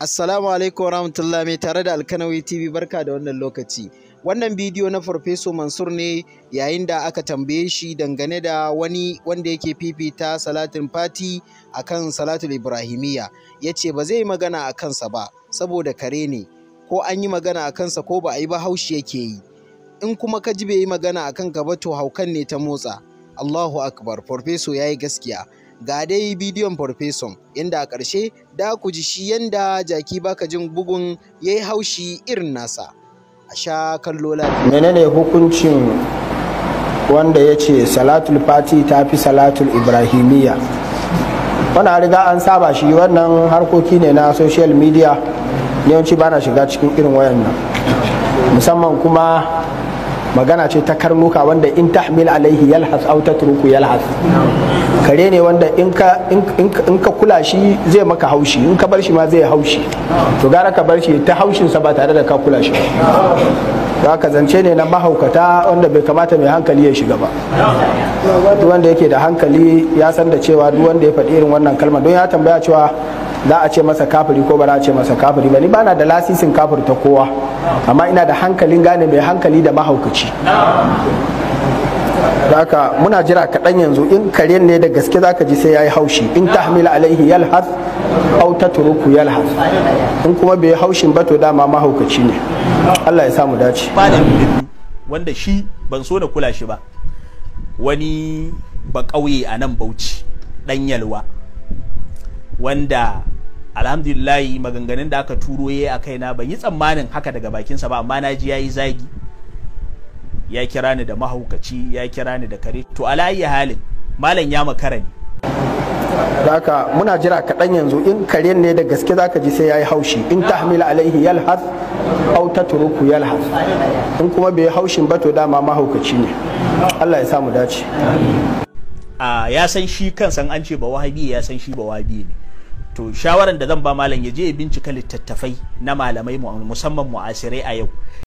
Assalamu alaikum warahmatullahi mai tare da Alkanawi TV barka da wannan lokaci. Wannan bidiyo na Farfeso Mansur ne yayin da aka tambaye shi dangane da wani wanda yake fifita salatin fati a kan salatul Ibrahimiyya. Ya ce ba zai magana a kansa ba saboda kare ne ko an yi magana a kansa ko ba a yi ba haushi yake yi. In kuma ka ji bai yi magana a kan gaba to haukan ne ta motsa. Allahu akbar Farfeso ya yi gaskiya. ga dai bidiyon farfeson inda a ƙarshe da ku ji shi yanda jaki baka jin bugun ya yi haushi irin nasa a sha kallo lafiya menene hukuncin wanda ya ce salatul fati ta fi salatul ibrahimiyya wannan riga an saba shi wannan harkoki ne na social media yawanci bana shiga cikin irin wayan musamman kuma magana ce ta karnuka wanda in tahmil alaihi yalhas aw tatruku yalhas kare ne wanda in ka in ka kula shi zai maka haushi in ka bar shi ma zai haushi to gara ka bar shi ta haushin sa ba tare da ka kula shi ba ka zance ne na mahaukata wanda bai kamata mai hankali ya shiga ba duk wanda yake da hankali ya san da cewa duk wanda ya faɗi irin wannan kalma don ya tambaya cewa za a ce masa kafiri ko ba za a ce masa kafiri ba ni bana da lasisin kafir ta kowa amma ina da hankalin gane mai hankali da mahaukaci haka muna jira kaɗan yanzu in karen ne da gaske zaka ji sai yayi haushi in hamila alaihi yalhas ta turuku yalhas in kuma bai haushin ba to dama mahaukaci ne Allah ya samu dace wanda shi ban so na kula shi ba wani ba ƙauye a nan bauchi ɗan yalwa wanda alhamdulillahi maganganun da aka turo ya a kaina ban yi tsammanin haka daga bakinsa ba amma na ji ya yi zagi ya kira ni da mahaukaci ya kira ni da kare to alayi halin malam ya makara ne haka muna jira kaɗan yanzu in kare ne da gaske zaka ji sai ya yi haushi in hamila alaihi yalhas au tatruku yalhas in kuma bai haushin ba to dama mahaukaci ne Allah ya samu dace a ya san shi kansan an ce ba wahabi ya san shi ba wahabi ne to shawaran da zan ba malam ya je ya bincika littattafai na malamai musamman mu'asirai a yau